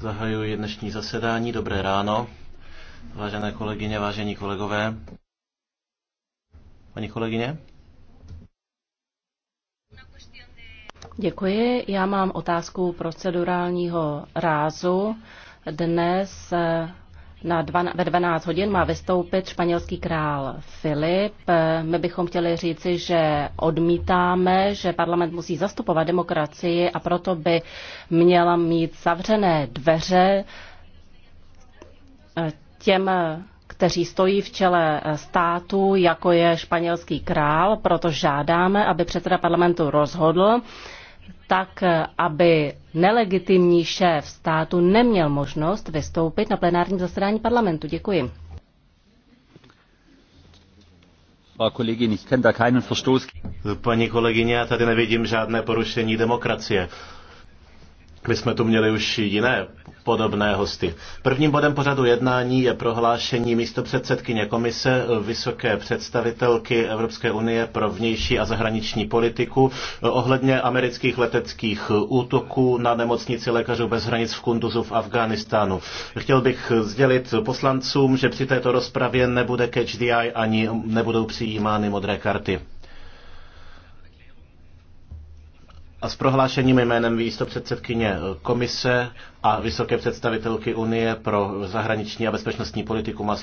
Zahajuji dnešní zasedání. Dobré ráno, vážené kolegyně, vážení kolegové. Paní kolegyně? Děkuji. Já mám otázku procedurálního rázu. Dnes na 12, ve 12 hodin má vystoupit španělský král Filip. My bychom chtěli říci, že odmítáme, že parlament musí zastupovat demokracii a proto by měla mít zavřené dveře eh, těm kteří stojí v čele eh, státu, jako je španělský král, proto žádáme, aby předseda parlamentu rozhodl, tak, aby nelegitimní šéf státu neměl možnost vystoupit na plenárním zasedání parlamentu. Děkuji. Paní kolegyně, já tady nevidím žádné porušení demokracie. My jsme tu měli už jiné podobné hosty. Prvním bodem pořadu jednání je prohlášení místopředsedkyně komise Vysoké představitelky Evropské unie pro vnější a zahraniční politiku ohledně amerických leteckých útoků na nemocnici lékařů bez hranic v Kunduzu v Afghánistánu. Chtěl bych sdělit poslancům, že při této rozpravě nebude catch the eye ani nebudou přijímány modré karty. A s prohlášením jménem výsto předsedkyně komise a vysoké představitelky Unie pro zahraniční a bezpečnostní politiku má